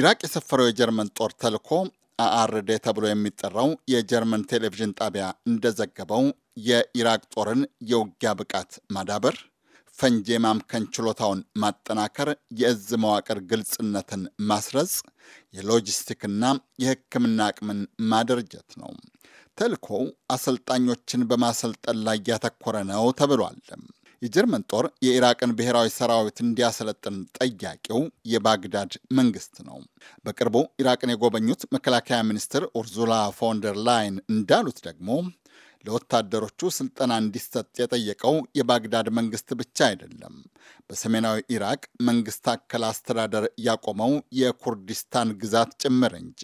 ኢራቅ የሰፈረው የጀርመን ጦር ተልኮ አአርዴ ተብሎ የሚጠራው የጀርመን ቴሌቪዥን ጣቢያ እንደዘገበው የኢራቅ ጦርን የውጊያ ብቃት ማዳበር፣ ፈንጂ ማምከን ችሎታውን ማጠናከር፣ የእዝ መዋቅር ግልጽነትን ማስረጽ፣ የሎጂስቲክና የሕክምና አቅምን ማደርጀት ነው። ተልኮው አሰልጣኞችን በማሰልጠን ላይ ያተኮረ ነው ተብሏል። የጀርመን ጦር የኢራቅን ብሔራዊ ሰራዊት እንዲያሰለጥን ጠያቂው የባግዳድ መንግስት ነው። በቅርቡ ኢራቅን የጎበኙት መከላከያ ሚኒስትር ኡርዙላ ፎንደር ላይን እንዳሉት ደግሞ ለወታደሮቹ ስልጠና እንዲሰጥ የጠየቀው የባግዳድ መንግስት ብቻ አይደለም። በሰሜናዊ ኢራቅ መንግስት አከል አስተዳደር ያቆመው የኩርዲስታን ግዛት ጭምር እንጂ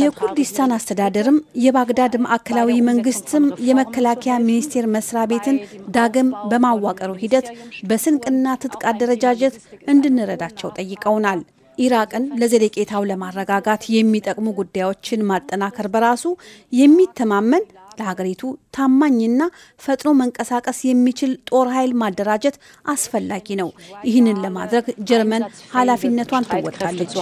የኩርዲስታን አስተዳደርም የባግዳድ ማዕከላዊ መንግስትም የመከላከያ ሚኒስቴር መስሪያ ቤትን ዳግም በማዋቀሩ ሂደት በስንቅና ትጥቅ አደረጃጀት እንድንረዳቸው ጠይቀውናል። ኢራቅን ለዘለቄታው ለማረጋጋት የሚጠቅሙ ጉዳዮችን ማጠናከር በራሱ የሚተማመን ለሀገሪቱ ታማኝና ፈጥኖ መንቀሳቀስ የሚችል ጦር ኃይል ማደራጀት አስፈላጊ ነው። ይህንን ለማድረግ ጀርመን ኃላፊነቷን ትወጣለች።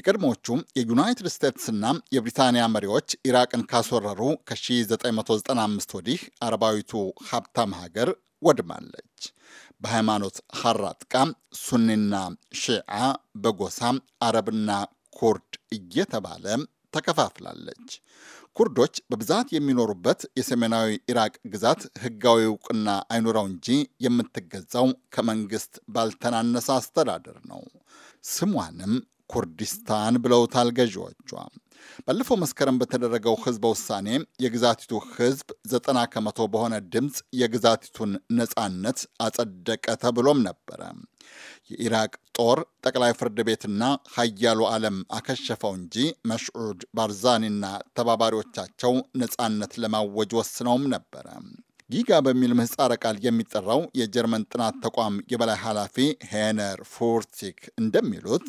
የቀድሞዎቹም የዩናይትድ ስቴትስና የብሪታንያ መሪዎች ኢራቅን ካስወረሩ ከ1995 ወዲህ አረባዊቱ ሀብታም ሀገር ወድማለች። በሃይማኖት ሀራጥቃ ሱኒና ሺዓ በጎሳ አረብና ኩርድ እየተባለ ተከፋፍላለች። ኩርዶች በብዛት የሚኖሩበት የሰሜናዊ ኢራቅ ግዛት ህጋዊ እውቅና አይኑረው እንጂ የምትገዛው ከመንግስት ባልተናነሰ አስተዳደር ነው። ስሟንም ኩርዲስታን ብለውታል ገዢዎቿ። ባለፈው መስከረም በተደረገው ህዝበ ውሳኔ የግዛቲቱ ህዝብ ዘጠና ከመቶ በሆነ ድምፅ የግዛቲቱን ነፃነት አጸደቀ ተብሎም ነበረ። የኢራቅ ጦር ጠቅላይ ፍርድ ቤትና ሀያሉ ዓለም አከሸፈው እንጂ መሽዑድ ባርዛኒና ተባባሪዎቻቸው ነፃነት ለማወጅ ወስነውም ነበረ። ጊጋ በሚል ምህፃረ ቃል የሚጠራው የጀርመን ጥናት ተቋም የበላይ ኃላፊ ሄነር ፎርቲክ እንደሚሉት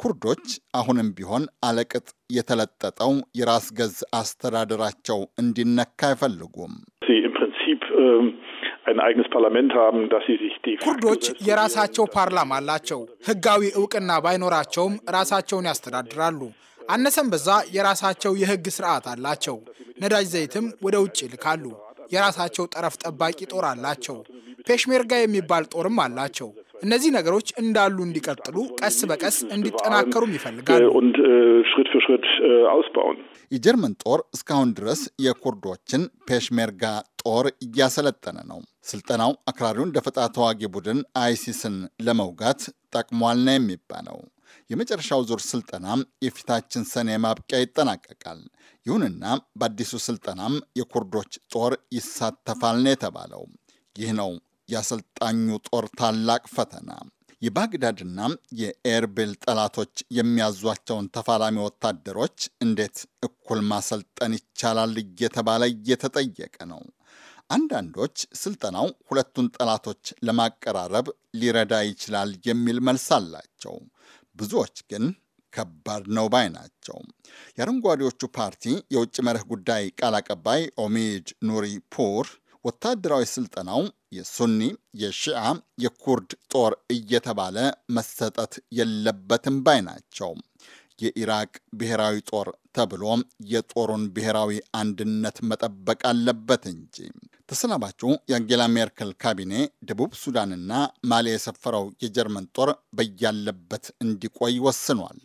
ኩርዶች አሁንም ቢሆን አለቅጥ የተለጠጠው የራስ ገዝ አስተዳደራቸው እንዲነካ አይፈልጉም። ähm, ኩርዶች የራሳቸው ፓርላማ አላቸው። ህጋዊ እውቅና ባይኖራቸውም ራሳቸውን ያስተዳድራሉ። አነሰም በዛ የራሳቸው የህግ ስርዓት አላቸው። ነዳጅ ዘይትም ወደ ውጭ ይልካሉ። የራሳቸው ጠረፍ ጠባቂ ጦር አላቸው። ፔሽሜርጋ የሚባል ጦርም አላቸው። እነዚህ ነገሮች እንዳሉ እንዲቀጥሉ ቀስ በቀስ እንዲጠናከሩም ይፈልጋሉ። የጀርመን ጦር እስካሁን ድረስ የኩርዶችን ፔሽሜርጋ ጦር እያሰለጠነ ነው። ስልጠናው አክራሪውን ደፈጣ ተዋጊ ቡድን አይሲስን ለመውጋት ጠቅሟል ነው የሚባለው። የመጨረሻው ዙር ስልጠና የፊታችን ሰኔ ማብቂያ ይጠናቀቃል። ይሁንና በአዲሱ ስልጠናም የኩርዶች ጦር ይሳተፋል ነው የተባለው። ይህ ነው የአሰልጣኙ ጦር ታላቅ ፈተና። የባግዳድና የኤርቤል ጠላቶች የሚያዟቸውን ተፋላሚ ወታደሮች እንዴት እኩል ማሰልጠን ይቻላል እየተባለ እየተጠየቀ ነው። አንዳንዶች ስልጠናው ሁለቱን ጠላቶች ለማቀራረብ ሊረዳ ይችላል የሚል መልስ አላቸው። ብዙዎች ግን ከባድ ነው ባይ ናቸው። የአረንጓዴዎቹ ፓርቲ የውጭ መርህ ጉዳይ ቃል አቀባይ ኦሜድ ኑሪ ፑር ወታደራዊ ስልጠናው የሱኒ የሺአ የኩርድ ጦር እየተባለ መሰጠት የለበትም ባይ ናቸው። የኢራቅ ብሔራዊ ጦር ተብሎ የጦሩን ብሔራዊ አንድነት መጠበቅ አለበት እንጂ ተሰናባጩ የአንጌላ ሜርክል ካቢኔ ደቡብ ሱዳንና ማሊ የሰፈረው የጀርመን ጦር በያለበት እንዲቆይ ወስኗል።